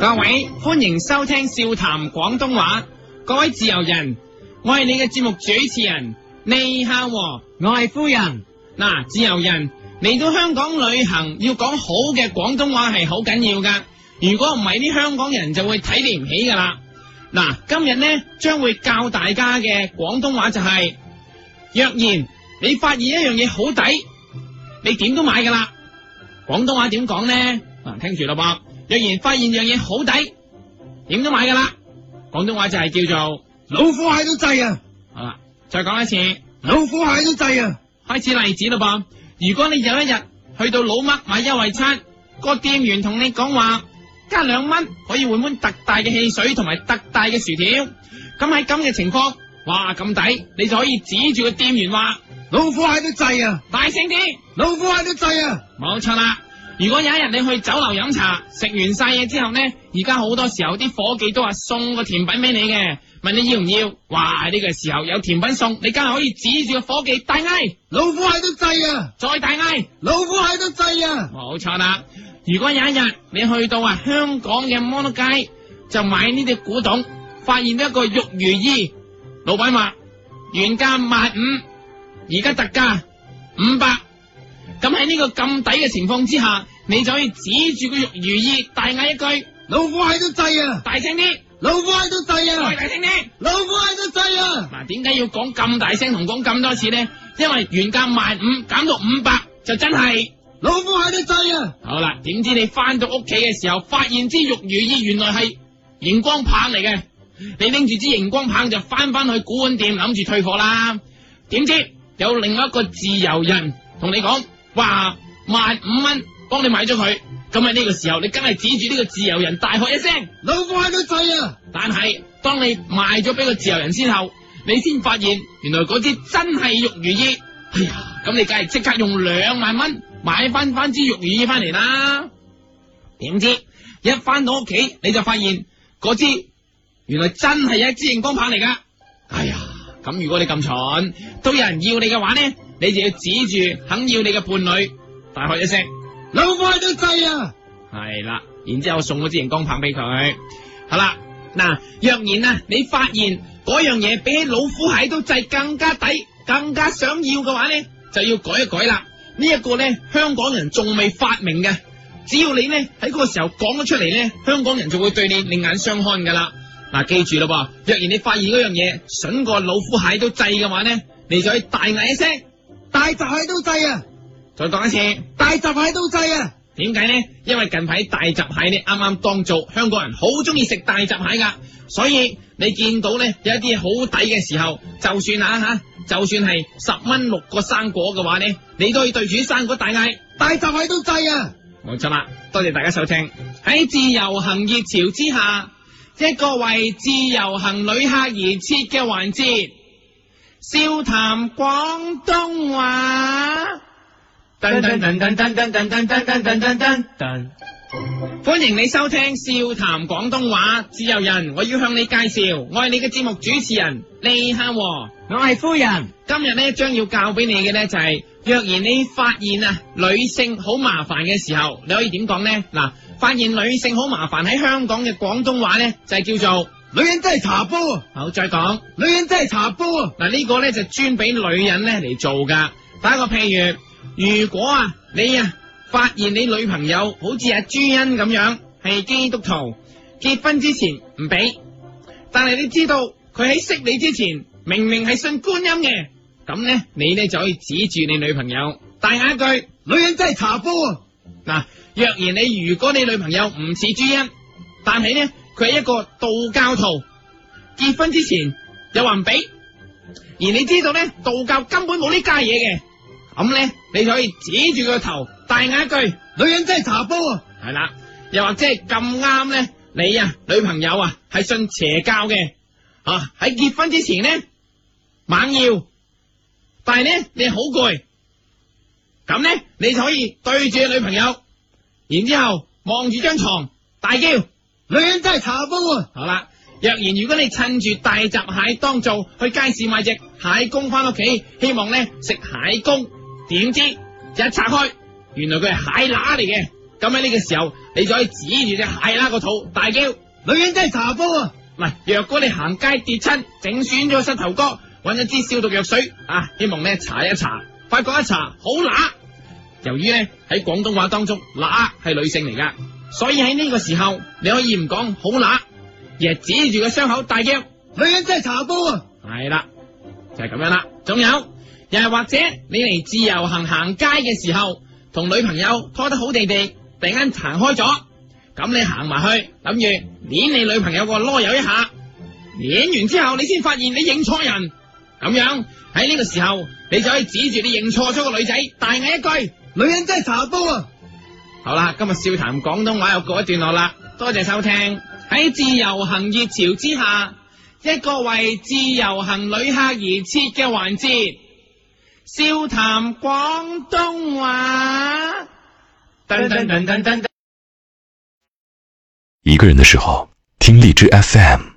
各位，歡迎收聽笑談廣東話，各位自由人，我係你嘅節目主持人李孝和，我係夫人。嗱、啊，自由人嚟到香港旅行，要講好嘅廣東話係好緊要噶。如果唔係，啲香港人就會睇你唔起噶啦。嗱、啊，今日呢將會教大家嘅廣東話就係，是，若然你發現一樣嘢好抵，你點都買噶啦。廣東話點講呢？聽住喇噃，若然發現樣嘢好抵，點都買噶啦！廣東話就係叫做老虎蟹都制啊！好啦，再講一次，老虎蟹都制啊！開始例子喇噃，如果你有一日去到老麥買優惠餐，個店員同你講話加兩蚊可以換碗特大嘅汽水同埋特大嘅薯條，咁喺咁嘅情況，哇咁抵，你就可以指住個店員話。老虎蟹都制啊！大聲啲！老虎蟹都制啊！冇錯啦！如果有一日你去酒樓飲茶，食完晒嘢之後咧，而家好多時候啲伙計都話送個甜品俾你嘅，問你要唔要？哇！呢、這個時候有甜品送，你梗係可以指住個伙計大嗌：老虎蟹都制啊！再大嗌：老虎蟹都制啊！冇錯啦！如果有一日你去到啊香港嘅摩羅街，就買呢啲古董，發現咗一個玉如意，老闆話原價萬五。而家特價五百，咁喺呢個咁抵嘅情況之下，你就可以指住個玉如意大嗌一句：老虎蟹都制啊！大聲啲，老虎蟹都制啊！大聲啲，老虎蟹都制啊！嗱，點解要講咁大聲同講咁多次呢？因為原價萬五，減到五百就真係老虎蟹都制啊！好啦，點知你翻到屋企嘅時候，發現支玉如意原來係熒光棒嚟嘅，你拎住支熒光棒就翻翻去古玩店諗住退貨啦。點知？有另外一個自由人同你講，話萬五蚊幫你買咗佢，咁喺呢個時候你梗係指住呢個自由人大喝一聲，老虎蟹都制啊！但係當你賣咗俾個自由人先後，你先發現原來支真係玉如意。哎呀，咁你梗係即刻用兩萬蚊買翻翻支玉如意翻嚟啦。點知一翻到屋企你就發現支原來真係一支熒光棒嚟噶。哎呀！咁如果你咁蠢，都有人要你嘅話咧，你就要指住肯要你嘅伴侶，大喝一聲，老虎蟹都制啊！係啦，然之後我送咗支熒光棒俾佢，好啦，嗱、啊，若然啊，你發現嗰樣嘢比起老虎蟹都制更加抵，更加想要嘅話咧，就要改一改啦。這個、呢一個咧，香港人仲未發明嘅，只要你咧喺嗰個時候講咗出嚟咧，香港人就會對你另眼相看噶啦。嗱，記住啦，若然你發現嗰樣嘢，笋過老虎蟹都制嘅話咧，你就去大嗌一聲，大閘蟹都制啊！再講一次，大閘蟹都制啊！點解咧？因為近排大閘蟹咧，啱啱當造，香港人好中意食大閘蟹噶，所以你見到咧，有一啲好抵嘅時候，就算啊吓，就算係十蚊六個生果嘅話咧，你都可以對住啲生果大嗌，大閘蟹都制啊！冇錯啦，多謝大家收聽。喺自由行熱潮之下。一個為自由行旅客而設嘅環節，笑談廣東話。噔，歡迎你收聽笑談廣東話，自由人，我要向你介紹，我係你嘅節目主持人李孝和，我係夫人，今日呢，將要教俾你嘅呢就係。若然你發現啊女性好麻煩嘅時候，你可以點講呢？嗱、呃，發現女性好麻煩喺香港嘅廣東話呢，就係、是、叫做女人真係茶煲。好、哦，再講女人真係茶煲。嗱、呃、呢、這個呢就專俾女人呢嚟做噶。打個譬如，如果啊你啊發現你女朋友好似阿、啊、朱茵咁樣係基督徒，結婚之前唔俾，但係你知道佢喺識你之前明明係信觀音嘅。咁咧，你咧就可以指住你女朋友，大嗌一句：女人真係茶煲啊。嗱，若然你如果你女朋友唔似朱茵，但係咧佢係一個道教徒，結婚之前又話唔俾，而你知道咧道教根本冇呢家嘢嘅，咁咧你就可以指住佢個頭，大嗌一句：女人真係茶煲啊。係啦，又或者係咁啱咧，你啊女朋友啊係信邪教嘅啊，喺結婚之前呢，猛要。但係咧，你好攰，咁咧，你就可以對住個女朋友，然之後望住張床，大叫，女人真係茶煲啊。好啦，若然如果你趁住大閘蟹當做去街市買隻蟹公翻屋企，希望咧食蟹公，點知一拆開，原來佢係蟹乸嚟嘅。咁喺呢個時候，你就可以指住隻蟹乸個肚，大叫女人真係茶煲啊。唔係，若果你行街跌親，整損咗膝頭哥。揾一支消毒藥水啊，希望咧，查一查，發覺一查好乸。由於咧，喺廣東話當中，乸係女性嚟噶，所以喺呢個時候，你可以唔講好乸，而係指住個傷口大叫：女人真係茶煲啊！係啦，就係咁樣啦。仲有又係或者你嚟自由行行街嘅時候，同女朋友拖得好地地，突然間行開咗，咁你行埋去，諗住捻你女朋友個囉柚一下，捻完之後你先發現你認錯人。咁樣喺呢個時候，你就可以指住你認錯咗個女仔，大嗌一句：女人真係茶煲啊！好啦，今日笑談廣東話又告一段落啦，多謝收聽。喺自由行熱潮之下，一個為自由行旅客而設嘅環節，笑談廣東話。噔噔噔噔噔。一個人嘅時候，聽荔枝 FM。